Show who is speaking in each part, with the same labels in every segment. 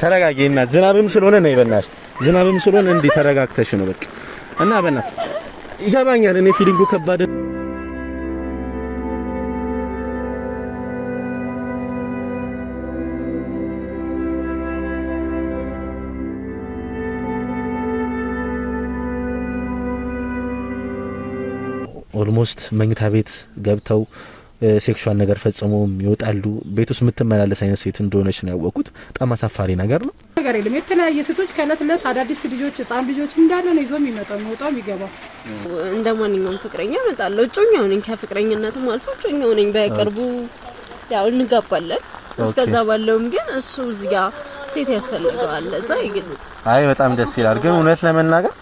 Speaker 1: ተረጋጊ እናት። ዝናብም ስለሆነ ነው ይበናል። ዝናብም ስለሆነ እንዲህ ተረጋግተሽ ነው በቃ። እና በእናትህ ይገባኛል። እኔ ፊሊንጉ ከባድ ኦልሞስት መኝታ ቤት ገብተው ሴክሹዋል ነገር ፈጽሞም ይወጣሉ። ቤት ውስጥ የምትመላለስ አይነት ሴት እንደሆነች ነው ያወቁት። በጣም አሳፋሪ
Speaker 2: ነገር ነው። ነገር የለም የተለያየ ሴቶች ከእለት እለት አዳዲስ ልጆች ህጻን ልጆች እንዳለ ነው ይዞ የሚመጣው የሚወጣው የሚገባው። እንደ ማንኛውም ፍቅረኛ እመጣለሁ። እጮኛው ነኝ፣ ከፍቅረኝነትም አልፎ እጮኛው ነኝ። በቅርቡ ያው እንጋባለን። እስከዛ ባለውም ግን እሱ እዚያ ሴት ያስፈልገዋል። እዛ
Speaker 1: ይግል አይ በጣም ደስ ይላል። ግን እውነት ለመናገር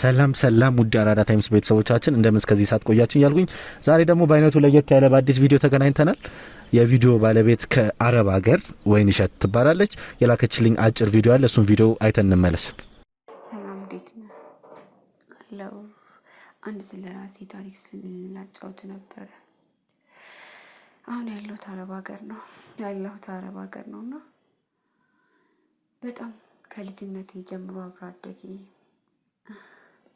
Speaker 1: ሰላም ሰላም፣ ውድ አራዳ ታይምስ ቤተሰቦቻችን እንደምን እስከዚህ ሰዓት ቆያችን እያልኩኝ ዛሬ ደግሞ በአይነቱ ለየት ያለ በአዲስ ቪዲዮ ተገናኝተናል። የቪዲዮ ባለቤት ከአረብ ሀገር ወይን ትባላለች። የላከችልኝ አጭር ቪዲዮ አለ። እሱን ቪዲዮ አይተን እንመለስ።
Speaker 2: ሰላም፣ እንዴት ነው አለው። አንድ ስለ ራሴ ታሪክ ስንላጫውት ነበረ። አሁን ያለሁት አረብ ሀገር ነው። ያለሁት አረብ ሀገር ነው እና በጣም ከልጅነት ጀምሮ አብሮ አደጌ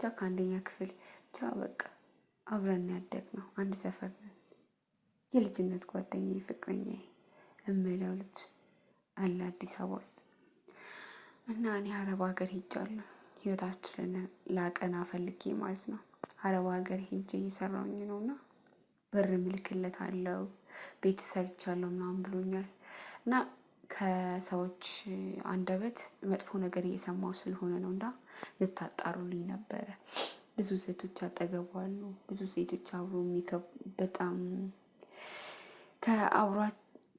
Speaker 2: ብቻ ከአንደኛ ክፍል ብቻ በቃ አብረን ያደግ ነው። አንድ ሰፈር ነን። የልጅነት ጓደኛ ፍቅረኛዬ እምለው ልጅ አለ አዲስ አበባ ውስጥ እና እኔ አረብ ሀገር ሄጃለሁ። ህይወታችንን ላቀና ፈልጌ ማለት ነው። አረብ ሀገር ሄጄ እየሰራውኝ ነው እና ብር ምልክለት አለው ቤት ሰርቻለሁ ምናምን ብሎኛል እና ከሰዎች አንደበት መጥፎ ነገር እየሰማው ስለሆነ ነው እና ልታጣሩልኝ ነበረ። ብዙ ሴቶች አጠገቡ ብዙ ሴቶች አብሮ በጣም ከአብሯ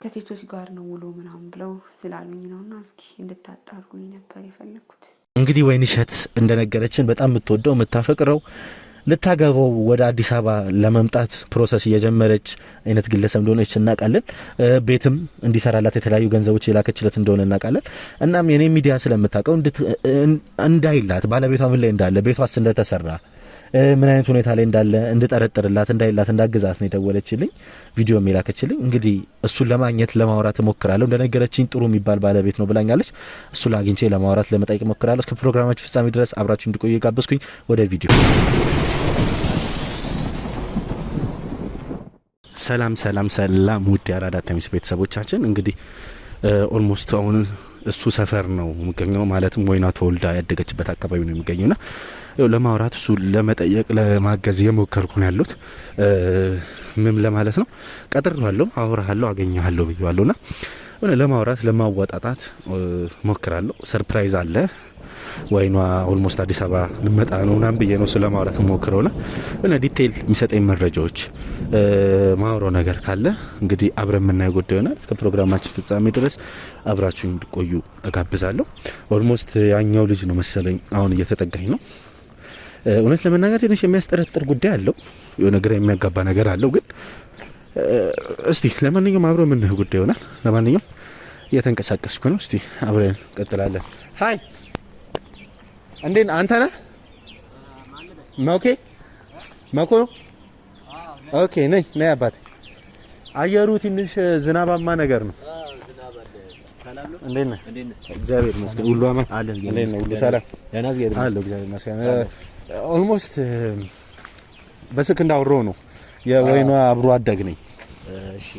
Speaker 2: ከሴቶች ጋር ነው ውሎ ምናምን ብለው ስላሉኝ ነው እና እስኪ እንድታጣሩልኝ ነበር
Speaker 1: የፈለግኩት። እንግዲህ ሸት እንደነገረችን በጣም የምትወደው የምታፈቅረው ልታገባው ወደ አዲስ አበባ ለመምጣት ፕሮሰስ እየጀመረች አይነት ግለሰብ እንደሆነች እናውቃለን። ቤትም እንዲሰራላት የተለያዩ ገንዘቦች የላከችለት እንደሆነ እናውቃለን። እናም የኔ ሚዲያ ስለምታውቀው እንዳይላት ባለቤቷ ምን ላይ እንዳለ ቤቷስ እንደተሰራ ምን አይነት ሁኔታ ላይ እንዳለ እንድጠረጥርላት እንዳይላት እንዳግዛት ነው የደወለችልኝ፣ ቪዲዮ የላከችልኝ። እንግዲህ እሱን ለማግኘት ለማውራት እሞክራለሁ። እንደነገረችኝ ጥሩ የሚባል ባለቤት ነው ብላኛለች። እሱ ላግኝቼ ለማውራት ለመጠየቅ እሞክራለሁ። እስከ ፕሮግራማችን ፍጻሜ ድረስ አብራችሁ እንድቆዩ የጋበዝኩኝ ወደ ቪዲዮ ሰላም ሰላም ሰላም ውድ የአራዳ ተሚስ ቤተሰቦቻችን እንግዲህ ኦልሞስት አሁን እሱ ሰፈር ነው የሚገኘው። ማለትም ወይና ተወልዳ ያደገችበት አካባቢ ነው የሚገኘው ና ለማውራት እሱ ለመጠየቅ ለማገዝ የሞከርኩ ነው ያሉት። ምም ለማለት ነው ቀጥሬዋለሁ፣ አውራሃለሁ፣ አገኘሃለሁ ብዬዋለሁ ና ሆነ ለማውራት ለማወጣጣት ሞክራለሁ። ሰርፕራይዝ አለ ወይኗ ኦልሞስት አዲስ አበባ ልመጣ ነው ምናምን ብዬ ነው ስለማውራት ሞክረው ና ሆነ ዲቴይል የሚሰጠኝ መረጃዎች ማውሮ ነገር ካለ እንግዲህ አብረ የምናየው ጉዳይ ይሆናል። እስከ ፕሮግራማችን ፍጻሜ ድረስ አብራችሁ እንድቆዩ እጋብዛለሁ። ኦልሞስት ያኛው ልጅ ነው መሰለኝ አሁን እየተጠጋኝ ነው እውነት ለመናገር ትንሽ የሚያስጠረጥር ጉዳይ አለው። የሆነ ግራ የሚያጋባ ነገር አለው። ግን እስቲ ለማንኛውም አብረ የምንህ ጉዳይ ይሆናል። ለማንኛውም እየተንቀሳቀስኩ ነው። እስቲ አብረን እንቀጥላለን። ሀይ እንዴት አንተ ነህ? መኬ መኮ ኦኬ ነኝ ነኝ። አባቴ አየሩ ትንሽ ዝናባማ ነገር ነው። እንዴት ነህ? እግዚአብሔር
Speaker 3: ይመስገን። ሁሉ አማን አለ።
Speaker 1: እንዴት ነው? ሁሉ ሰላም አለ። እግዚአብሔር ይመስገን። ኦልሞስት eh, በስልክ እንዳወሮ ነው የወይኗ አብሮ አደግ ነኝ።
Speaker 3: እሺ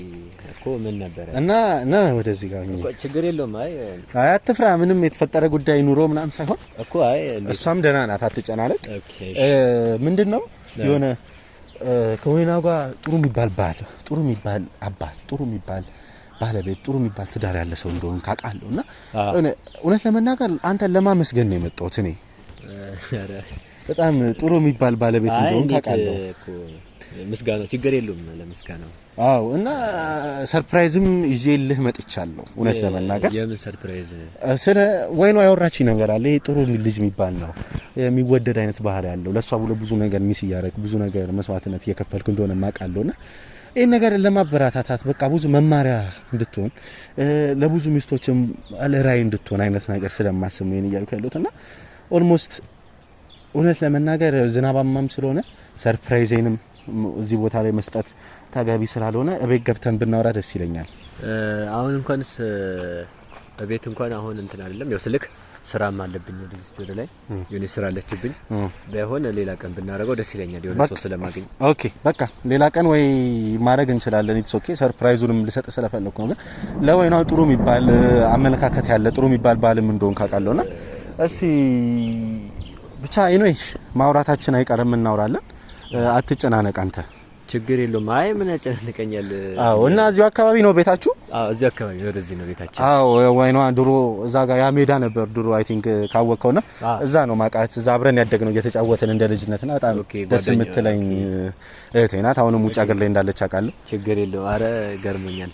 Speaker 3: እኮ ምን
Speaker 1: ነበረ እና ና ወደዚህ ጋር ነው። ችግር የለውም። አይ አይ አትፍራ። ምንም የተፈጠረ ጉዳይ ኑሮ
Speaker 3: ምናምን ሳይሆን እኮ
Speaker 1: አይ እሷም ደህና
Speaker 3: ናት፣ አትጨናነቅ።
Speaker 1: ምንድነው? የሆነ ከወይና ጋር ጥሩ የሚባል ባል፣ ጥሩ የሚባል አባት፣ ጥሩ የሚባል ባለቤት፣ ጥሩ የሚባል ትዳር ያለ ሰው እንደሆነ ካውቃለሁ እና እውነት ለመናገር አንተን ለማመስገን ነው የመጣሁት እኔ በጣም ጥሩ የሚባል ባለቤት እንደሆነ ታውቃለህ
Speaker 3: ምስጋናው ችግር የለውም
Speaker 1: ለምስጋናው። አዎ እና ሰርፕራይዝም ይዤልህ መጥቻለሁ። እውነት ለመናገር
Speaker 3: የምን ሰርፕራይዝ?
Speaker 1: ስለ ወይኗ ያወራችኝ ነገር አለ። ይሄ ጥሩ ልጅ የሚባል ነው፣ የሚወደድ አይነት ባህሪ ያለው ለእሷ ብሎ ብዙ ነገር ሚስ እያደረግ ብዙ ነገር መስዋዕትነት እየከፈልክ እንደሆነ ማውቃለሁ እና ይህን ነገር ለማበረታታት በቃ ብዙ መማሪያ እንድትሆን ለብዙ ሚስቶችም ራይ እንድትሆን አይነት ነገር ስለማስብ ነው ይሄን እያልኩ ያለሁት እና ኦልሞስት እውነት ለመናገር ዝናባማም ስለሆነ ሰርፕራይዜንም እዚህ ቦታ ላይ መስጠት ተገቢ ስላልሆነ እቤት ገብተን
Speaker 3: ብናወራ ደስ ይለኛል። አሁን እንኳንስ እቤት እንኳን አሁን እንትን አይደለም ያው ስልክ ስራም አለብኝ ወደዚህ ወደ ላይ የሆነ ስራ አለችብኝ። ባይሆን ሌላ ቀን ብናደርገው ደስ ይለኛል የሆነ ሰው
Speaker 1: ስለማገኝ። ኦኬ በቃ ሌላ ቀን ወይ ማድረግ እንችላለን። ኢትስ ኦኬ። ሰርፕራይዙንም ልሰጥ ስለፈለኩ ነው። ግን ለወይናው ጥሩ የሚባል አመለካከት ያለ ጥሩ የሚባል ባልም እንደሆን ካውቃለሁና እስቲ ብቻ አይኖሽ ማውራታችን አይቀርም እናውራለን። አትጨናነቅ አንተ
Speaker 3: ችግር የለውም። አይ ምን ያጨናንቀኛል?
Speaker 1: አዎ። እና እዚሁ አካባቢ ነው ቤታችሁ?
Speaker 3: አዎ፣ እዚሁ አካባቢ ነው።
Speaker 1: ወደዚህ ነው ቤታችን። አዎ። ወይ ነው ድሮ እዛ ጋር ያ ሜዳ ነበር ድሮ። አይ ቲንክ ካወቀውና እዛ ነው ማቃት። እዛ አብረን ያደግ ነው እየተጫወትን እንደ ልጅነት ልጅነትና በጣም ደስ የምትለኝ እህቴ ናት። አሁንም ውጭ ሀገር ላይ
Speaker 3: እንዳለች አውቃለሁ። ችግር የለውም። አረ ገርሞኛል።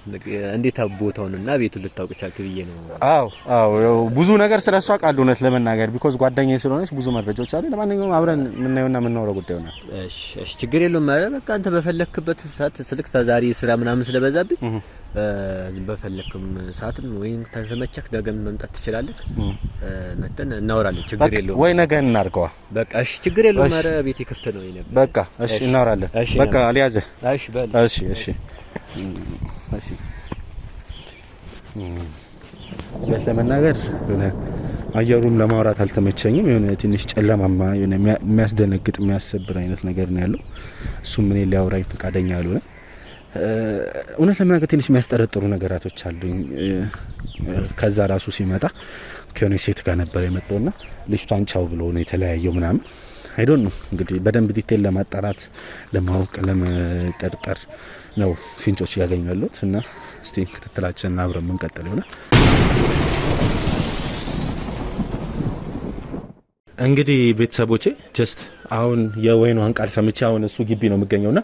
Speaker 3: እንዴት ቦታውንና ቤቱን ልታውቅ ቻልክ ብዬ
Speaker 1: ነው። አዎ፣ አዎ። ብዙ ነገር ስለሷ አውቃለሁ እውነት ለመናገር ቢኮዝ ጓደኛዬ ስለሆነች ብዙ መረጃዎች አሉ። ለማንኛውም አብረን የምናየውና የምናወራው ጉዳይ
Speaker 3: ሆናል። እሺ፣ እሺ። ችግር የለውም። አረ በቃ አንተ በፈለክበት ሰዓት ስልክ ዛሬ ስራ ምናምን ስለበዛብኝ በፈለክም ሰዓትም ወይም ተመቸክ ደገም መምጣት ትችላለህ። መተን
Speaker 1: እናወራለን። ችግር የለውም ወይ ነገ እናድርገዋ።
Speaker 3: በቃ እሺ፣ ችግር የለውም። ኧረ ቤቴ ክፍት
Speaker 1: ነው። በቃ እሺ፣ እናወራለን። በቃ
Speaker 3: አልያዘ። እሺ፣
Speaker 1: እሺ፣ እሺ፣ እሺ በል እውነት ለመናገር የሆነ አየሩም ለማውራት አልተመቸኝም። የሆነ ትንሽ ጨለማማ የሆነ የሚያስደነግጥ የሚያሰብር አይነት ነገር ነው ያለው። እሱም እኔ ሊያወራኝ ፈቃደኛ ያልሆነ እውነት ለመናገር ትንሽ የሚያስጠረጥሩ ነገራቶች አሉኝ። ከዛ ራሱ ሲመጣ ከሆነ ሴት ጋር ነበር የመጣውና ልጅቷን ቻው ብሎ ነው የተለያየው ምናምን አይዶን ነው እንግዲህ በደንብ ዲቴል ለማጣራት ለማወቅ ለመጠርጠር ነው ፊንጮች እያገኙ ያሉት እና እስቲ ክትትላችንን አብረን የምንቀጥል ይሆናል። እንግዲህ ቤተሰቦቼ ጀስት አሁን የወይኗን ቃል ሰምቼ አሁን እሱ ግቢ ነው የሚገኘው ና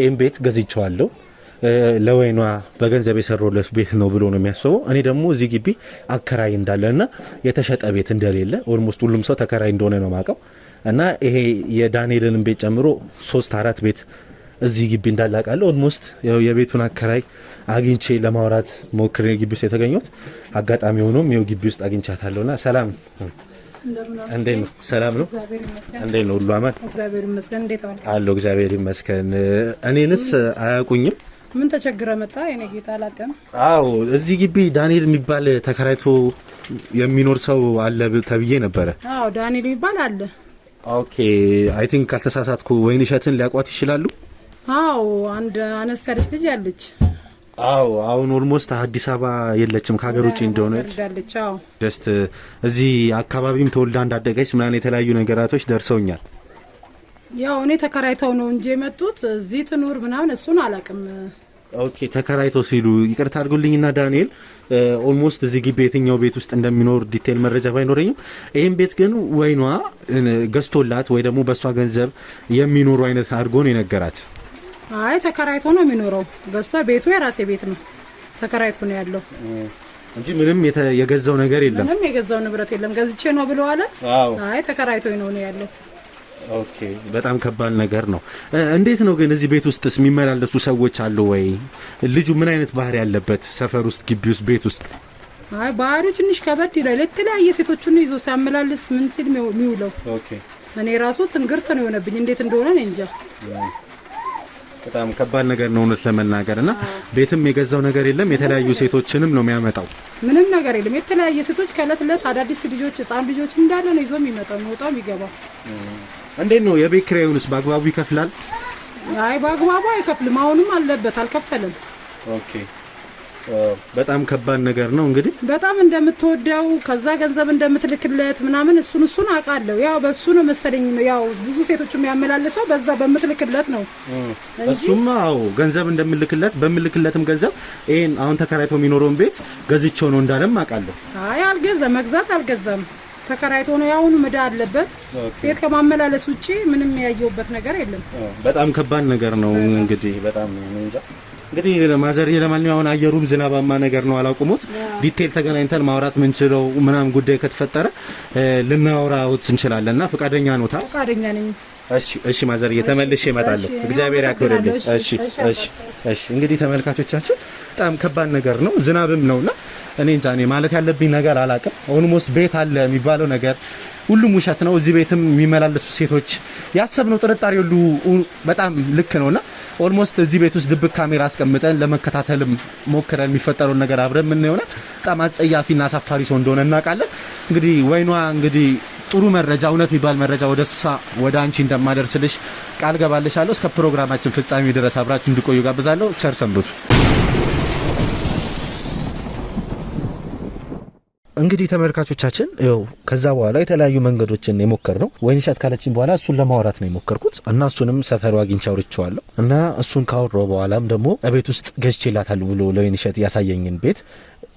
Speaker 1: ይህም ቤት ገዝቼዋለሁ። ለወይኗ በገንዘብ የሰሩለት ቤት ነው ብሎ ነው የሚያስበው። እኔ ደግሞ እዚህ ግቢ አከራይ እንዳለ ና የተሸጠ ቤት እንደሌለ ኦልሞስት ሁሉም ሰው ተከራይ እንደሆነ ነው ማውቀው እና ይሄ የዳንኤልን ቤት ጨምሮ ሶስት አራት ቤት እዚህ ግቢ እንዳላቃለ ኦልሞስት የቤቱን አከራይ አግኝቼ ለማውራት ሞክር ግቢ ውስጥ የተገኘት አጋጣሚ ሆኖም ያው ግቢ ውስጥ አግኝቻታለሁና፣ ሰላም እንዴት
Speaker 2: ነው? ሰላም ነው። እንዴት ነው? ሁሉ አማን
Speaker 1: አለው። እግዚአብሔር ይመስገን። እኔንስ
Speaker 2: አያውቁኝም። ምን ተቸግረ መጣ?
Speaker 1: የኔ ጌታ አላውቅም። አዎ እዚህ ግቢ ዳንኤል የሚባል ተከራይቶ የሚኖር ሰው አለ ተብዬ
Speaker 2: ነበረ። አዎ ዳንኤል
Speaker 1: የሚባል አለ። ኦኬ አይ ቲንክ ካልተሳሳትኩ ወይን እሸትን ሊያቋት
Speaker 2: ይችላሉ። አዎ አንድ አነስ ያለች ልጅ
Speaker 1: አለች። አዎ አሁን ኦልሞስት አዲስ አበባ የለችም ከሀገር ውጭ እንደሆነች ጀስት እዚህ አካባቢም ተወልዳ እንዳደገች ምናምን የተለያዩ ነገራቶች ደርሰውኛል።
Speaker 2: ያው እኔ ተከራይተው ነው እንጂ የመጡት እዚህ ትኑር ምናምን እሱን
Speaker 1: አላውቅም። ኦኬ ተከራይተው ሲሉ ይቅርታ አድርጉልኝና ዳንኤል ኦልሞስት እዚህ ግቢ የትኛው ቤት ውስጥ እንደሚኖር ዲቴል መረጃ ባይኖረኝም ይህም ቤት ግን ወይኗ ገዝቶላት ወይ ደግሞ በእሷ ገንዘብ የሚኖሩ አይነት አድርጎ
Speaker 2: ነው የነገራት። አይ ተከራይቶ ነው የሚኖረው። ገዝቷ ቤቱ የራሴ ቤት ነው።
Speaker 1: ተከራይቶ ነው ያለው እንጂ ምንም የገዛው ነገር
Speaker 2: የለም። ምንም የገዛው ንብረት የለም። ገዝቼ ነው ብሎ አለ። አይ ተከራይቶ ነው ነው
Speaker 1: ያለው። ኦኬ፣ በጣም ከባድ ነገር ነው። እንዴት ነው ግን እዚህ ቤት ውስጥስ የሚመላለሱ ሰዎች አሉ ወይ? ልጁ ምን አይነት ባህሪ ያለበት ሰፈር ውስጥ፣ ግቢ ውስጥ፣
Speaker 2: ቤት ውስጥ? አይ ባህሪው ትንሽ ከበድ ይላል። የተለያየ ሴቶቹን ይዞ ሲያመላልስ ምን ሲል
Speaker 1: የሚውለው
Speaker 2: እኔ ራሱ ትንግርት ነው የሆነብኝ። እንዴት እንደሆነ እኔ እንጃ።
Speaker 1: በጣም ከባድ ነገር ነው እውነት ለመናገር እና ቤትም የገዛው ነገር የለም። የተለያዩ ሴቶችንም ነው
Speaker 2: የሚያመጣው። ምንም ነገር የለም። የተለያየ ሴቶች ከእለት እለት አዳዲስ ልጆች፣ ህጻን ልጆች እንዳለ ነው ይዞ የሚመጣው የሚወጣው
Speaker 1: የሚገባው። እንዴት ነው የቤት ኪራዩንስ በአግባቡ
Speaker 2: ይከፍላል? አይ በአግባቡ አይከፍልም። አሁንም አለበት አልከፈለም።
Speaker 1: ኦኬ በጣም ከባድ
Speaker 2: ነገር ነው። እንግዲህ በጣም እንደምትወደው ከዛ ገንዘብ እንደምትልክለት ምናምን እሱን እሱን አውቃለሁ። ያው በእሱ ነው መሰለኝ ያው ብዙ ሴቶች የሚያመላልሰው በዛ በምትልክለት
Speaker 1: ነው። እሱም አዎ ገንዘብ እንደምልክለት በምልክለትም ገንዘብ ይሄን አሁን ተከራይቶ የሚኖረውን ቤት ገዝቼው ነው እንዳለም
Speaker 2: አውቃለሁ። አይ አልገዛም፣ መግዛት አልገዛም። ተከራይቶ ነው ያሁኑ ምዳ አለበት። ሴት ከማመላለስ ውጪ ምንም ያየውበት
Speaker 1: ነገር የለም። በጣም ከባድ ነገር ነው እንግዲህ በጣም ነው እንጃ እንግዲህ ማዘርዬ ለማንኛውም አየሩም ዝናባማ ነገር ነው አላቁሙት። ዲቴል ተገናኝተን ማውራት ምንችለው ምናምን ጉዳይ ከተፈጠረ ልናወራውት እንችላለን እና ፈቃደኛ
Speaker 2: ነው ታ ፈቃደኛ ነኝ።
Speaker 1: እሺ እሺ፣ ማዘርዬ ተመልሼ እመጣለሁ። እግዚአብሔር ያክብርልኝ። እሺ እሺ ማዘር ተመልሼ እመጣለሁ እግዚአብሔር ያክብርልኝ እሺ እሺ እሺ እንግዲህ ተመልካቾቻችን በጣም ከባድ ነገር ነው ዝናብም ነውና እኔ እንጃ እኔ ማለት ያለብኝ ነገር አላቅም። ኦልሞስት ቤት አለ የሚባለው ነገር ሁሉም ውሸት ነው። እዚህ ቤትም የሚመላለሱ ሴቶች ያሰብነው ጥርጣሬ ሁሉ በጣም ልክ ነውና ኦልሞስት እዚህ ቤት ውስጥ ድብቅ ካሜራ አስቀምጠን ለመከታተልም ሞክረን የሚፈጠረውን ነገር አብረን ምን ይሆናል። በጣም አጸያፊና አሳፋሪ ሰው እንደሆነ እናውቃለን። እንግዲህ ወይኗ እንግዲህ ጥሩ መረጃ እውነት የሚባል መረጃ ወደ እሷ ወደ አንቺ እንደማደርስልሽ ቃል ገባልሻለሁ። እስከ ፕሮግራማችን ፍጻሜ ድረስ አብራችሁ እንዲቆዩ ጋብዛለሁ። ቸር ሰንብቱ። እንግዲህ ተመልካቾቻችን ው ከዛ በኋላ የተለያዩ መንገዶችን የሞከር ነው። ወይንሻት ካለችን በኋላ እሱን ለማውራት ነው የሞከርኩት እና እሱንም ሰፈሩ አግኝቼ አውርቼዋለሁ እና እሱን ካወሮ በኋላም ደግሞ ቤት ውስጥ ገዝቼ ገዝቼላታል ብሎ ለወይንሸት ያሳየኝን ቤት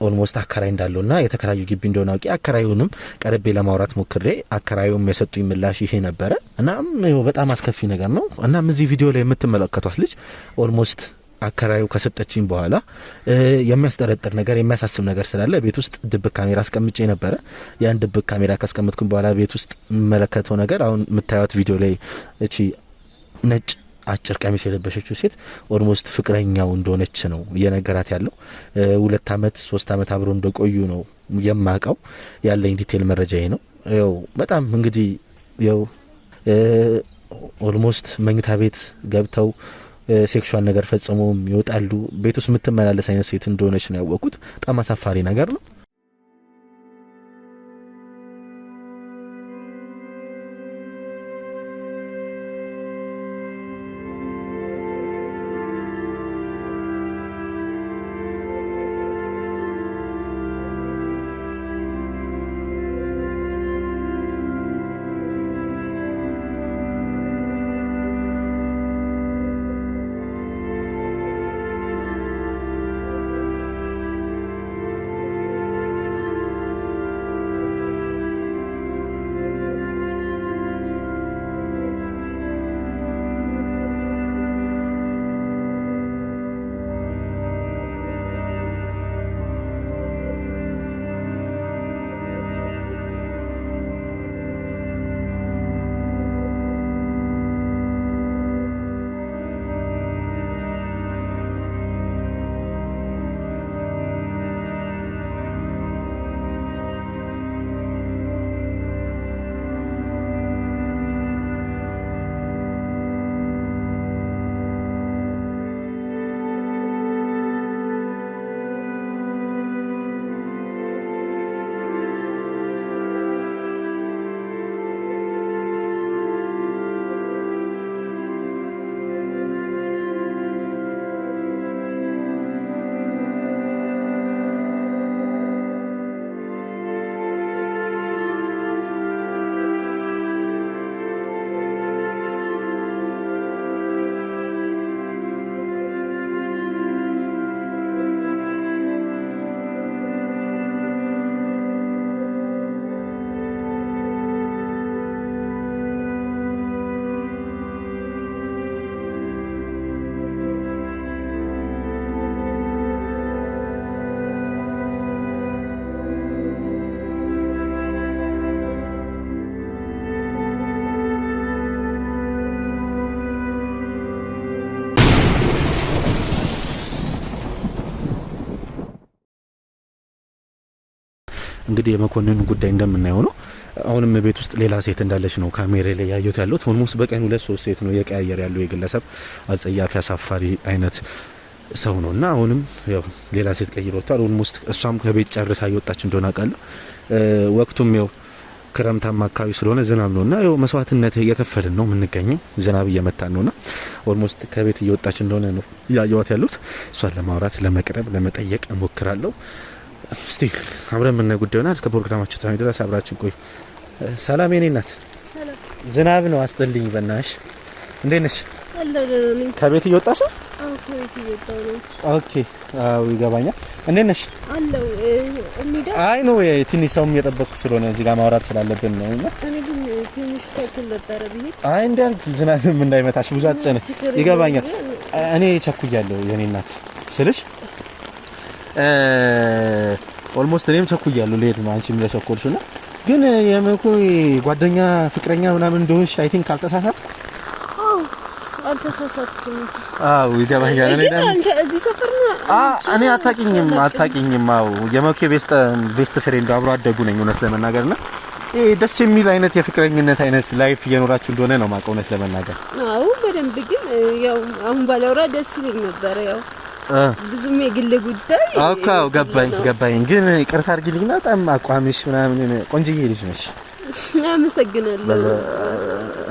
Speaker 1: ኦልሞስት አከራይ እንዳለው ና የተከራዩ ግቢ እንደሆነ አውቄ አከራዩንም ቀረቤ ለማውራት ሞክሬ አከራዩም የሰጡኝ ምላሽ ይሄ ነበረ። እናም በጣም አስከፊ ነገር ነው። እናም እዚህ ቪዲዮ ላይ የምትመለከቷት ልጅ ኦልሞስት አከራዩ ከሰጠችኝ በኋላ የሚያስጠረጥር ነገር የሚያሳስብ ነገር ስላለ ቤት ውስጥ ድብቅ ካሜራ አስቀምጬ ነበረ። ያን ድብቅ ካሜራ ካስቀምጥኩኝ በኋላ ቤት ውስጥ የምመለከተው ነገር አሁን የምታዩት ቪዲዮ ላይ እቺ ነጭ አጭር ቀሚስ የለበሸችው ሴት ኦልሞስት ፍቅረኛው እንደሆነች ነው እየነገራት ያለው። ሁለት አመት ሶስት አመት አብሮ እንደቆዩ ነው የማውቀው። ያለኝ ዲቴል መረጃ ነው። ያው በጣም እንግዲህ ያው ኦልሞስት መኝታ ቤት ገብተው ሴክሹዋል ነገር ፈጽሞም ይወጣሉ። ቤት ውስጥ የምትመላለስ አይነት ሴት እንደሆነች ነው ያወቁት። በጣም አሳፋሪ ነገር ነው። እንግዲህ የመኮንኑ ጉዳይ እንደምናየው ነው። አሁንም ቤት ውስጥ ሌላ ሴት እንዳለች ነው ካሜራ ላይ ያየሁት ያለሁት። ኦልሞስት በቀን ሁለት ሶስት ሴት ነው የቀያየር ያለው የግለሰብ አጸያፊ አሳፋሪ አይነት ሰው ነው እና አሁንም ያው ሌላ ሴት ቀይሮታል። ኦልሞስት እሷም ከቤት ጨርሳ እየወጣች እንደሆነ አቃለ ወቅቱም ያው ክረምታማ አካባቢ ስለሆነ ዝናብ ነው እና ያው መስዋዕትነት እየከፈልን ነው የምንገኘው። ዝናብ እየመታን ነው ና ኦልሞስት ከቤት እየወጣች እንደሆነ ነው እያየዋት ያሉት። እሷን ለማውራት ለመቅረብ፣ ለመጠየቅ እሞክራለሁ። እስቲ አብረን የምናየው ጉዳይ ሆናል። እስከ ፕሮግራማችን ታሚ ድረስ አብራችን ቆዩ። ሰላም የኔ እናት፣ ዝናብ ነው አስጠልኝ። በናሽ እንዴት ነሽ? ከቤት እየወጣሽ ነው? ኦኬ፣ አው ይገባኛል። እንዴት ነሽ? አይ ነው ትንሽ ሰውም እየጠበቅኩ ስለሆነ እዚህ ጋር ማውራት ስላለብን ነው። አይ እንዳልክ ዝናብም እንዳይመታሽ ብዙ አትጨነሽ። ይገባኛል። እኔ ቸኩያለሁ የኔ እናት ስልሽ ኦልሞስት እኔም ቸኩያለሁ ልሄድ ነው አንቺ እንደቸኮልሽ ነው። ግን የምኩ ጓደኛ ፍቅረኛ ምናምን እንደሆንሽ አይ ቲንክ አልተሳሳትክ? እኔ አታውቂኝም፣ አታውቂኝም። አዎ የመኬ ቤስት ፍሬንድ አብሮ አደጉ ነኝ እውነት ለመናገር እና ደስ የሚል አይነት የፍቅረኝነት አይነት ላይፍ እየኖራችሁ እንደሆነ ነው የማውቀው
Speaker 2: እውነት ለመናገር። አዎ በደንብ ግን ያው አሁን ባላውራ ደስ ይለኝ ነበር ያው ብዙም የግል
Speaker 1: ጉዳይ እኮ አዎ፣ ገባኝ ገባኝ። ግን ይቅርታ አድርጊልኝና በጣም አቋምሽ ምናምን ቆንጆዬ
Speaker 2: ልጅ ነሽ። አመሰግናለሁ።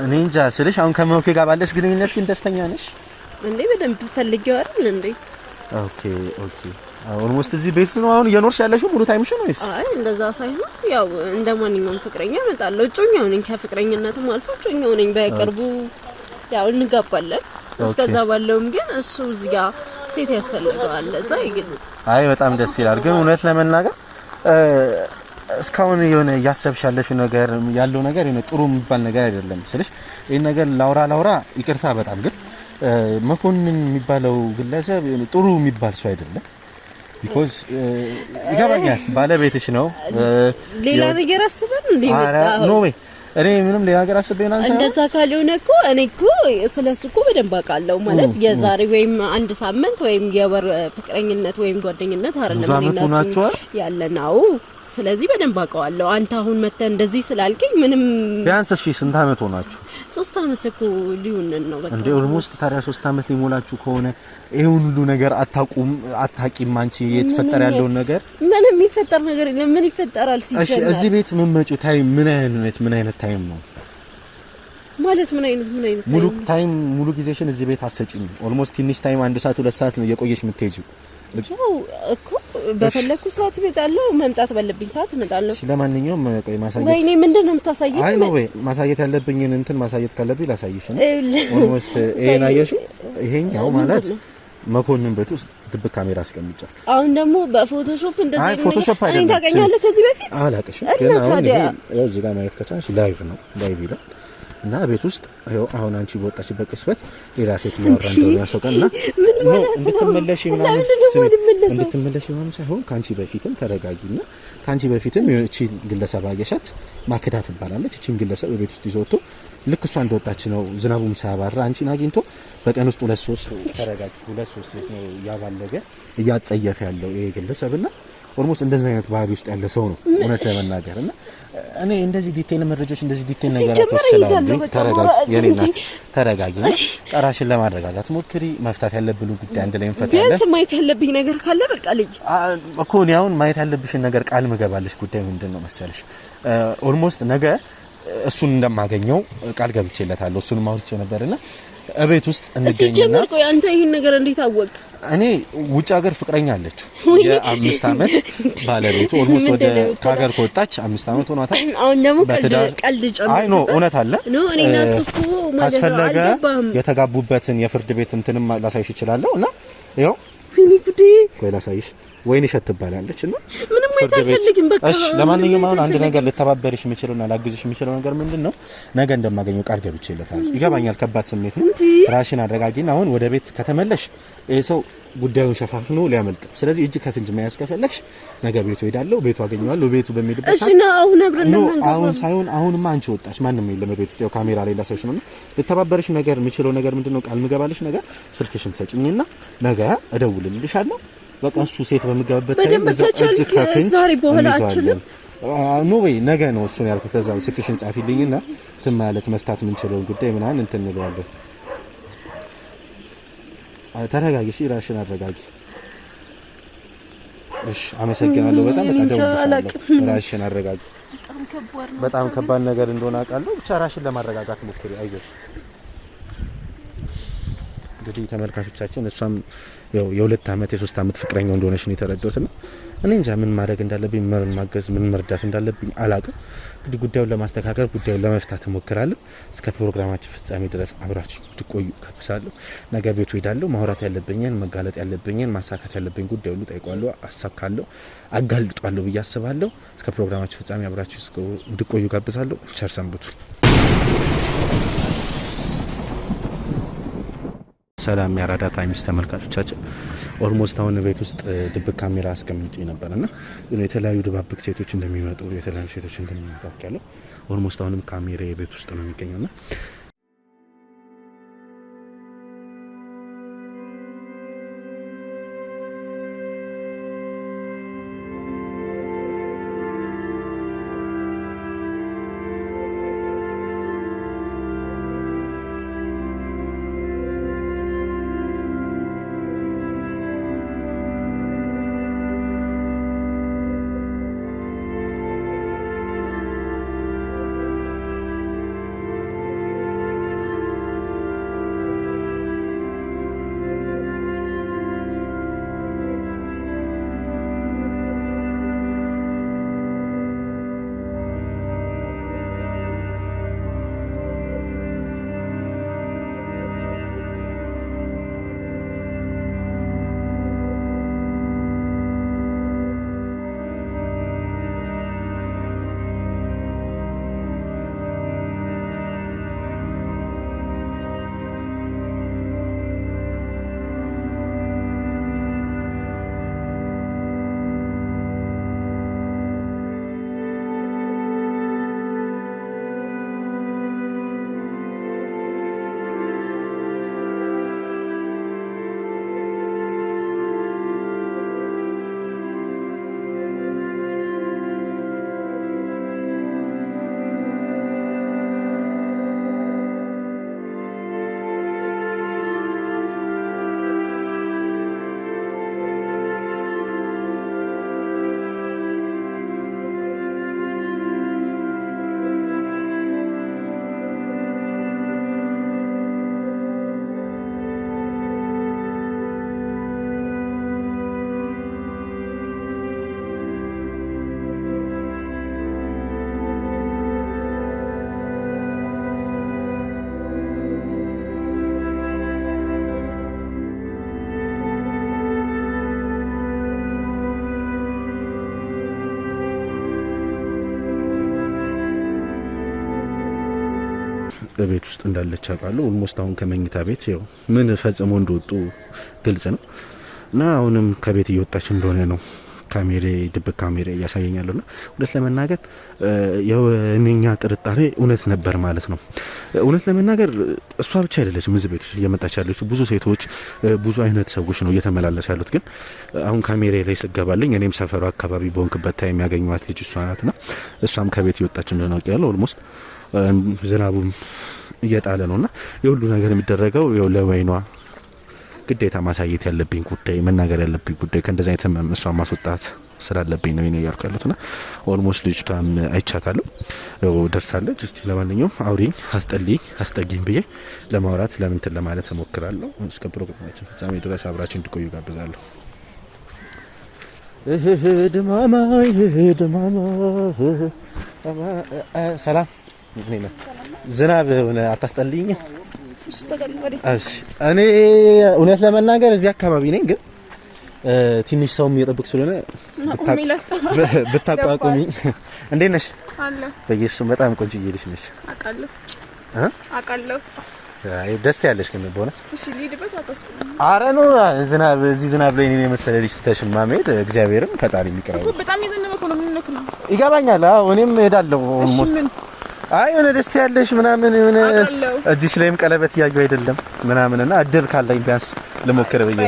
Speaker 1: እኔ እንጃ ስልሽ አሁን ከመውኬ ጋር ባለሽ ግንኙነት ግን ደስተኛ
Speaker 2: ነሽ እንዴ? በደንብ ፈልጌው
Speaker 1: አይደል እንዴ? ኦኬ ኦኬ። ኦልሞስት እዚህ ቤት ነው አሁን እየኖርሽ ያለሽው ሙሉ ታይምሽ ነው ወይስ?
Speaker 2: አይ እንደዛ ሳይሆን ያው እንደ ማንኛውም ፍቅረኛ እመጣለሁ። እጮኛው ነኝ፣ ከፍቅረኝነትም አልፎ እጮኛው ነኝ። በቅርቡ ያው እንጋባለን። እስከዛ ባለውም ግን እሱ እዚህ ጋር ሴት ያስፈልገዋል። ለዛ
Speaker 1: አይ በጣም ደስ ይላል። ግን እውነት ለመናገር እስካሁን የሆነ እያሰብሽ ያለሽው ነገር ያለው ነገር የሆነ ጥሩ የሚባል ነገር አይደለም ስልሽ ይህን ነገር ላውራ ላውራ ይቅርታ በጣም ግን መኮንን የሚባለው ግለሰብ ጥሩ የሚባል ሰው አይደለም። ቢኮዝ ይገባኛል፣ ባለቤትሽ
Speaker 2: ነው። ሌላ ነገር አስበን
Speaker 1: እንዴ መጣ ኖ እኔ ምንም ሌላ ነገር አስቤ ምናምን
Speaker 2: ሳይሆን እንደዛ ካልሆነ እኮ እኔ እኮ ስለሱ እኮ በደንብ አውቃለሁ። ማለት የዛሬ ወይም አንድ ሳምንት ወይም የወር ፍቅረኝነት
Speaker 1: ወይም ጓደኝነት
Speaker 2: አይደለም ያለናው ስለዚህ በደንብ አውቀዋለሁ። አንተ አሁን መተህ እንደዚህ ስላልከኝ
Speaker 1: ምንም ቢያንስ እሺ፣ ስንት አመት ሆናችሁ?
Speaker 2: ሶስት አመት እኮ ሊሆነን
Speaker 1: ነው። በቃ እንዴ ኦልሞስት ታዲያ ሶስት አመት ሊሞላችሁ ከሆነ ይሄን ሁሉ ነገር አታቁም አታቂም አንቺ የተፈጠረ
Speaker 2: ያለውን ነገር ምንም የሚፈጠር ነገር የለም። ምን ይፈጠራል ሲጀምር?
Speaker 1: እሺ፣ እዚህ ቤት ምን መጪ ታይም ምን አይነት ምን አይነት ታይም ነው
Speaker 2: ማለት ምን አይነት
Speaker 1: ምን አይነት ሙሉ ታይም ሙሉ ጊዜሽን እዚህ ቤት አሰጪኝ። ኦልሞስት ትንሽ ታይም አንድ ሰዓት ሁለት ሰዓት ነው የቆየሽ የምትሄጂው
Speaker 2: እኮ በፈለኩ ሰዓት እመጣለሁ፣ መምጣት
Speaker 1: ባለብኝ ሰዓት እመጣለሁ። ለማንኛውም ቆይ
Speaker 2: ማሳየት ወይኔ፣ ምንድን ነው
Speaker 1: የምታሳየኝ? አይ ነው ወይ ማሳየት ያለብኝን እንትን ማሳየት ካለብኝ ላሳይሽ ነው። ኦልሞስት ይሄን አየሽው? ይሄኛው ማለት መኮንን ቤት ውስጥ ድብቅ ካሜራ አስቀምጫ። አሁን ደግሞ በፎቶሾፕ እንደዚህ ነው።
Speaker 2: ፎቶሾፕ አይደለም። ታውቀኛለህ
Speaker 1: ከዚህ በፊት አላውቅሽም። ግን አሁን ይሄ ያው እዚህ ጋር ማየት ከቻልሽ ላይቭ ነው፣ ላይቭ ይላል እና ቤት ውስጥ አሁን አንቺ በወጣችበት ቅስበት ሌላ ሴት እያወራ እንደሆነ ያስወቃል። እና እንድትመለሽ ምናምን እንድትመለሽ ምናምን ሳይሆን ከአንቺ በፊትም ተረጋጊ እና ከአንቺ በፊትም እቺ ግለሰብ አገሻት ማክዳ ትባላለች። እቺን ግለሰብ በቤት ውስጥ ይዞ ወጥቶ ልክ እሷ እንደወጣች ነው ዝናቡም ሳያባራ አንቺን አግኝቶ በቀን ውስጥ ሁለት ሶስት ተረጋጊ፣ ሁለት ሶስት ሴት ነው እያባለገ እያጸየፈ ያለው ይሄ ግለሰብ እና ኦልሞስት እንደዚህ አይነት ባህሪ ውስጥ ያለ ሰው ነው እውነት ለመናገር እና እኔ እንደዚህ ዲቴል መረጃዎች እንደዚህ ዲቴል ነገራቶች ስላሉ ተረጋጊ፣ የኔ እናት ተረጋጊ። ቀራሽን ለማረጋጋት ሞክሪ። መፍታት ያለብን ጉዳይ
Speaker 2: አንድ ላይ እንፈታለን። ቢያንስ ማየት ያለብኝ ነገር ካለ
Speaker 1: በቃ ልጅ እኮ እኔ አሁን ማየት ያለብሽን ነገር ቃል ምገባለሽ። ጉዳይ ምንድን ነው መሰለሽ፣ ኦልሞስት ነገ እሱን እንደማገኘው ቃል ገብቼለታለሁ። እሱን አውርቼ ነበርና
Speaker 2: እቤት ውስጥ እንገኝና አንተ ይሄን ነገር እንዴት አወቅ?
Speaker 1: እኔ ውጭ ሀገር ፍቅረኛ አለችው የአምስት ዓመት ባለቤቱ ኦልሞስት ወደ ከሀገር ከወጣች አምስት ዓመት ሆኗታል። አሁን ደግሞ ቀልድ ጨምሮ አይ ኖ
Speaker 2: እውነት አለ ኖ
Speaker 1: ካስፈለገ የተጋቡበትን የፍርድ ቤት እንትንም ላሳይሽ ይችላለሁ እና
Speaker 2: ይኸው ወይኔ
Speaker 1: ጉዴ ቆይ ላሳይሽ ወይን እሸት
Speaker 2: ትባላለች እና ምንም ወይት አልፈልግም።
Speaker 1: በቃ እሺ፣ ለማንኛውም አሁን አንድ ነገር ልተባበርሽ የምችለውና ላግዝሽ የምችለው ነገር ምንድን ነው፣ ነገ እንደማገኘው ቃል ገብቼለታል። ይገባኛል፣ ከባድ ስሜት ነው። ራሽን አረጋጊና አሁን ወደ ቤት ከተመለሽ ይህ ሰው ጉዳዩን ሸፋፍኖ ሊያመልጥ ስለዚህ እጅ ከፍንጅ መያዝ ከፈለግሽ ነገ ቤቱ ሄዳለሁ፣ ቤቱ አገኘዋለሁ።
Speaker 2: ቤቱ በሚሄድበት እሺ፣ ነው አሁን አብረን ነው
Speaker 1: አሁን ሳይሆን አሁንማ አንቺ ወጣሽ፣ ማንም የለም ቤት ውስጥ ያው ካሜራ ላይ ሰዎች ነው። ልተባበርሽ ነገር የምችለው ነገር ምንድን ነው፣ ቃል ምገባልሽ ነገር ስልክሽን ሰጭኝና ነገ እደውልልሻለሁ በቃ እሱ ሴት በሚገባበት ዛሬ በኋላ አችልም ኖ ወይ ነገ ነው እሱን ያልኩት። ከዛ ስልክሽን ጻፊልኝና እንትን ማለት መፍታት የምንችለውን ጉዳይ ምናምን እንትን እንለዋለን። ተረጋጊ፣ እሺ፣ ራሽን አረጋጊ። እሺ፣ አመሰግናለሁ በጣም በቃ ደውልልሻለሁ። ራሽን አረጋጊ። በጣም ከባድ ነገር እንደሆነ አውቃለሁ። ብቻ ራሽን ለማረጋጋት ሞክሪ። አይዞሽ። እንግዲህ ተመልካቾቻችን እሷም ያው የሁለት አመት የሶስት አመት ፍቅረኛው እንደሆነች ነው የተረዳሁት። ና እኔ እንጃ ምን ማድረግ እንዳለብኝ፣ ምን ማገዝ፣ ምን መርዳት እንዳለብኝ አላቅም። እንግዲህ ጉዳዩን ለማስተካከል ጉዳዩን ለመፍታት እሞክራለሁ። እስከ ፕሮግራማችን ፍጻሜ ድረስ አብራችሁ እንድትቆዩ ጋብዛለሁ። ነገ ቤቱ ሄዳለሁ። ማውራት ያለብኝን፣ መጋለጥ ያለብኝን፣ ማሳካት ያለብኝ ጉዳይ ሁሉ ጠይቋለሁ፣ አሳካለሁ፣ አጋልጧለሁ ብዬ አስባለሁ። እስከ ፕሮግራማችን ፍጻሜ አብራችሁ እንድቆዩ ጋብዛለሁ። ቸር ሰንብቱ። ሰላም የአራዳ ታይምስ ተመልካቾቻችን፣ ኦልሞስት አሁን ቤት ውስጥ ድብቅ ካሜራ አስቀምጬ ነበር እና የተለያዩ ድባብቅ ሴቶች እንደሚመጡ የተለያዩ ሴቶች እንደሚመጡ ያለው ኦልሞስት አሁንም ካሜራ የቤት ውስጥ ነው የሚገኘው ና ቤት ውስጥ እንዳለች አውቃለሁ። ኦልሞስት አሁን ከመኝታ ቤት ያው ምን ፈጽሞ እንደወጡ ግልጽ ነው እና አሁንም ከቤት እየወጣች እንደሆነ ነው ካሜሬ ድብቅ ካሜሬ እያሳየኛለሁ ና እውነት ለመናገር የእኛ ጥርጣሬ እውነት ነበር ማለት ነው። እውነት ለመናገር እሷ ብቻ አይደለችም እዚህ ቤት ውስጥ እየመጣች ያለች ብዙ ሴቶች፣ ብዙ አይነት ሰዎች ነው እየተመላለሱ ያሉት። ግን አሁን ካሜሬ ላይ ስገባለኝ እኔም ሰፈሩ አካባቢ በሆንክበት ታይም ያገኘኋት ልጅ እሷ ናት ና እሷም ከቤት እየወጣች እንደሆነ ያለው ኦልሞስት ዝናቡም እየጣለ ነው እና የሁሉ ነገር የሚደረገው ለወይኗ ግዴታ ማሳየት ያለብኝ ጉዳይ መናገር ያለብኝ ጉዳይ ከእንደዚ አይነት እሷ ማስወጣት ስላለብኝ ነው ነው እያልኩ ያሉት ና ኦልሞስት ልጅቷም አይቻታለሁ ደርሳለች። እስቲ ለማንኛውም አውሪኝ፣ አስጠልይ አስጠጊኝ ብዬ ለማውራት ለምንትን ለማለት እሞክራለሁ። እስከ ፕሮግራማችን ፍጻሜ ድረስ አብራችን እንዲቆዩ ጋብዛለሁ። ድማማ ድማማ ሰላም ዝናብ ሆነ አታስጠልኝ። እኔ እውነት ለመናገር እዚህ አካባቢ ነኝ፣ ግን ትንሽ ሰው የሚጠብቅ ስለሆነ ብታቋቁሚ። እንዴት ነሽ? በኢየሱስ በጣም ቆንጆ ነሽ። ደስታ ያለሽ ግን በእውነት አረ ነው ዝናብ እዚህ ዝናብ ላይ እኔ መሰለ ልጅ እግዚአብሔርም ፈጣሪ ምን ይገባኛል። እኔም እሄዳለሁ ሞስት አይ የሆነ ደስታ ያለሽ
Speaker 2: ምናምን የሆነ
Speaker 1: እጅሽ ላይም ቀለበት እያየሁ አይደለም ምናምን እና እድል ካለኝ ቢያንስ ልሞክር ብዬ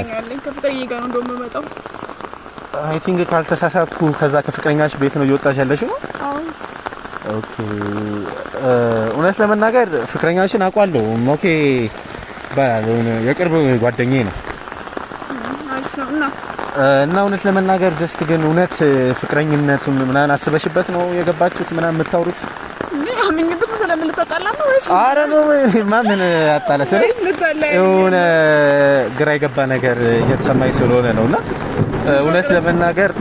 Speaker 1: አይ ቲንክ ካልተሳሳትኩ ከዛ ከፍቅረኛሽ ቤት ነው
Speaker 2: እየወጣሽ ያለሽ ነው።
Speaker 1: ኦኬ እውነት ለመናገር ፍቅረኛሽን አውቋለሁ። ኦኬ ይባላል የቅርብ ጓደኛዬ ነው እና እውነት ለመናገር ጀስት ግን እውነት ፍቅረኝነት ምናምን አስበሽበት ነው የገባችሁት ምናምን የምታወሩት? ልትጣላ ነው አረ ኧረ ማምን አጣላ ስለ የሆነ ግራ የገባ ነገር እየተሰማኝ ስለሆነ ነውና እውነት ለመናገር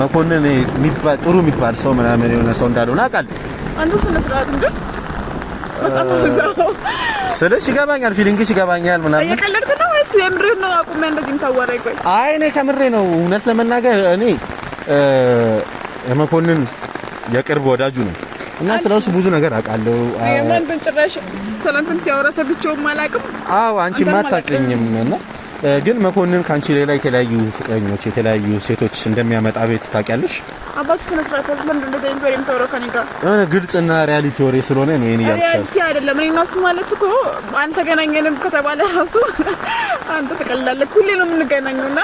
Speaker 1: መኮንን የሚባል ጥሩ የሚባል ሰው ምናምን የሆነ ሰው እንዳልሆነ አውቃለሁ።
Speaker 2: አንተ ስነ ስርዓት እንዴ
Speaker 1: ስልሽ ይገባኛል፣
Speaker 2: ፊሊንግሽ ይገባኛል ምናምን። እየቀለድክ ነው ወይስ የምርህ ነው? አቁሜ እንደዚህ
Speaker 1: የምታዋራኝ? ይቆይ። አይ እኔ ከምሬ ነው። እውነት ለመናገር እኔ የመኮንን የቅርብ ወዳጁ ነው እና ስለ ብዙ ነገር አውቃለሁ።
Speaker 2: ምን ብን ጭራሽ ሰላምተም ሲያወራ ሰብቼውም አላውቅም።
Speaker 1: አዎ አንቺ ማታውቂኝም እና ግን መኮንን ከአንቺ ሌላ የተለያዩ ፍቅረኞች የተለያዩ ሴቶች እንደሚያመጣ ቤት ታውቂያለሽ?
Speaker 2: አባቱ ስነ ስርዓት ለምንድን ነው ገኝ ወሬም ተወረው ከኔ ጋር
Speaker 1: የሆነ ግልጽና ሪያሊቲ ወሬ ስለሆነ ነው ይሄን
Speaker 2: እያልኩሽ። ሪያሊቲ አይደለም እኔ እና እሱ ማለት እኮ አልተገናኘንም ከተባለ ራሱ አንተ ትቀልዳለህ። ሁሌ ነው የምንገናኘውና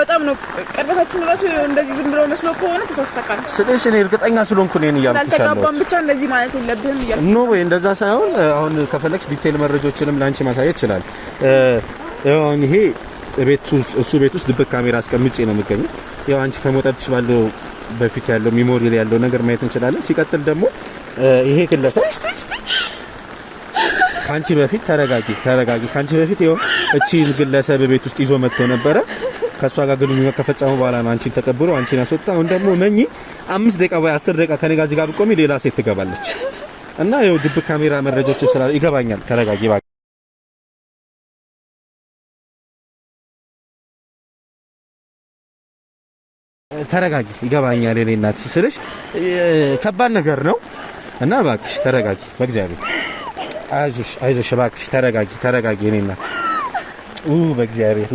Speaker 2: በጣም ነው ቅርበታችን ራሱ እንደዚህ ዝም ብሎ መስሎ ከሆነ ተሳስተካል።
Speaker 1: ስለዚህ እኔ እርግጠኛ
Speaker 2: ስለሆንኩ ነው ይሄን እያልኩሽ። አልተጋባም ብቻ እንደዚህ ማለት
Speaker 1: የለብህም እያልኩ ኖ ወይ እንደዛ ሳይሆን አሁን ከፈለግሽ ዲቴል መረጃዎችንም ላንቺ ማሳየት ይችላል። ያው ይሄ ቤት ውስጥ እሱ ቤት ውስጥ ድብቅ ካሜራ አስቀምጬ ነው የምገኘው። ያው አንቺ ከመውጣትሽ ባለው በፊት ያለው ሚሞሪ ላይ ያለው ነገር ማየት እንችላለን። ሲቀጥል ደግሞ ይሄ ግለሰብ ከአንቺ በፊት ተረጋጊ፣ ተረጋጊ። ከአንቺ በፊት ይኸው እቺ ግለሰብ ቤት ውስጥ ይዞ መጥቶ ነበረ። ከእሷ ጋር ግንኙነት ከፈጸሙ በኋላ ነው አንቺን ተቀብሎ አንቺን አሁን ደግሞ ነኝ አምስት ደቂቃ ወይ አስር ደቂቃ ከኔ ጋር ብቆሚ ሌላ ሴት ትገባለች እና ይኸው ድብቅ ካሜራ መረጃዎች ይገባኛል። ተረጋጊ ባ ተረጋጊ፣ ይገባኛል እኔ እናት ስልሽ ከባድ ነገር ነው እና እባክሽ ተረጋጊ፣ በእግዚአብሔር አይዞሽ፣ አይዞሽ፣ እባክሽ ተረጋጊ፣ ተረጋጊ የኔ እናት በእግዚአብሔር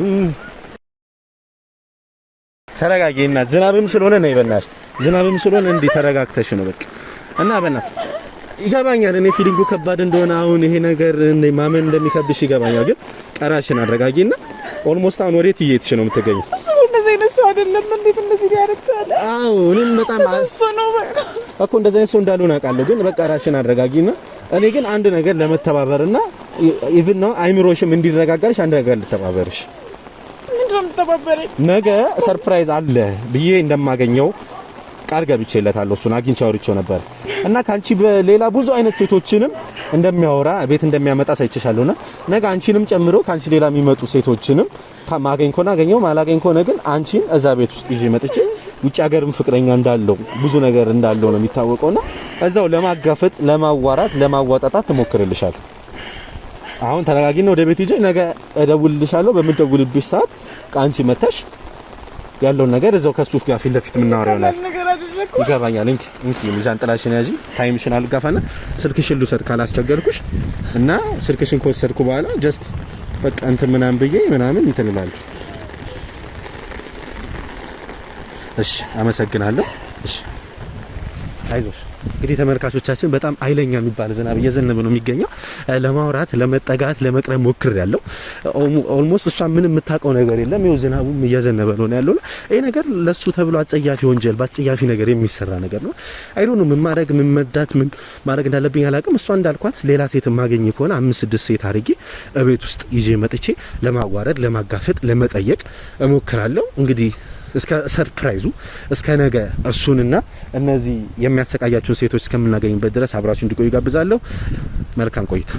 Speaker 1: ተረጋጊ እናት። ዝናብም ስለሆነ ነው ይበናል፣ ዝናብም ስለሆነ እንዲህ ተረጋግተሽ ነው በቃ እና በእናትሽ ይገባኛል። እኔ ፊሊንጉ ከባድ እንደሆነ አሁን ይሄ ነገር ማመን እንደሚከብድሽ ይገባኛል፣ ግን ቀራሽን አረጋጊና ኦልሞስት አሁን ወዴት እየሄድሽ ነው የምትገኘው?
Speaker 2: እንደዚህ አይነት ሰው አይደለም። እንዴት
Speaker 1: እንደዚህ ሊያደርግ ቻለ? አዎ እኔም በጣም አስቶ ነው እኮ እንደዚህ አይነት ሰው እንዳልሆነ አውቃለሁ። ግን በቃ ራሽን አረጋጊና እኔ ግን አንድ ነገር ለመተባበርና ኢቭን ነው አይምሮሽም እንዲረጋጋልሽ አንድ ነገር ልተባበርሽ።
Speaker 2: የምትተባበረኝ?
Speaker 1: ነገ ሰርፕራይዝ አለ ብዬ እንደማገኘው ቃል ገብቼለታለሁ። እሱን አግኝቼ አውርቼው ነበር እና ከአንቺ በሌላ ብዙ አይነት ሴቶችንም እንደሚያወራ ቤት እንደሚያመጣ ሳይችሻለሁና ነገ አንቺንም ጨምሮ ከአንቺ ሌላ የሚመጡ ሴቶችንም ማገኝ ከሆነ አገኘው፣ ማላገኝ ከሆነ ግን አንቺን እዛ ቤት ውስጥ ይዤ መጥቼ ውጭ ሀገርም ፍቅረኛ እንዳለው ብዙ ነገር እንዳለው ነው የሚታወቀውና እዛው ለማጋፈጥ ለማዋራት፣ ለማዋጣጣት ትሞክርልሻል። አሁን ተረጋጊና ወደ ቤት ይዤ ነገ እደውልልሻለሁ። በምደውልብሽ ሰዓት ከአንቺ መተሽ ያለውን ነገር እዛው ከሱ ጋር ፊት ለፊት የምናወራው ይሆናል። ይገባኛል። እንኪ እንኪ ዣንጥላሽን ያዢ። ታይምሽን አልጋፋና ስልክሽን ልውሰድ ካላስቸገርኩሽ እና ስልክሽን ከወሰድኩ በኋላ ጀስት በቃ እንትን ምናምን ብዬ ምናምን እንትን እላለሁ። እሺ፣ አመሰግናለሁ። እሺ፣ አይዞሽ እንግዲህ ተመልካቾቻችን በጣም አይለኛ የሚባል ዝናብ እየዘነበ ነው የሚገኘው። ለማውራት ለመጠጋት ለመቅረብ ሞክር ያለው ኦልሞስት እሷ ምን የምታውቀው ነገር የለም። ይኸው ዝናቡም እየዘነበ ነው ያለው። ይህ ነገር ለሱ ተብሎ አጸያፊ ወንጀል በአጸያፊ ነገር የሚሰራ ነገር ነው። አይዶ ነው ምን ማድረግ ምን መዳት ምን ማድረግ እንዳለብኝ አላውቅም። እሷ እንዳልኳት ሌላ ሴት የማገኝ ከሆነ አምስት ስድስት ሴት አድርጌ እቤት ውስጥ ይዤ መጥቼ ለማዋረድ ለማጋፈጥ ለመጠየቅ እሞክራለሁ እንግዲህ እስከ ሰርፕራይዙ እስከ ነገ እሱንና እነዚህ የሚያሰቃያቸውን ሴቶች እስከምናገኝበት ድረስ አብራችሁ እንዲቆዩ ጋብዛለሁ። መልካም ቆይታ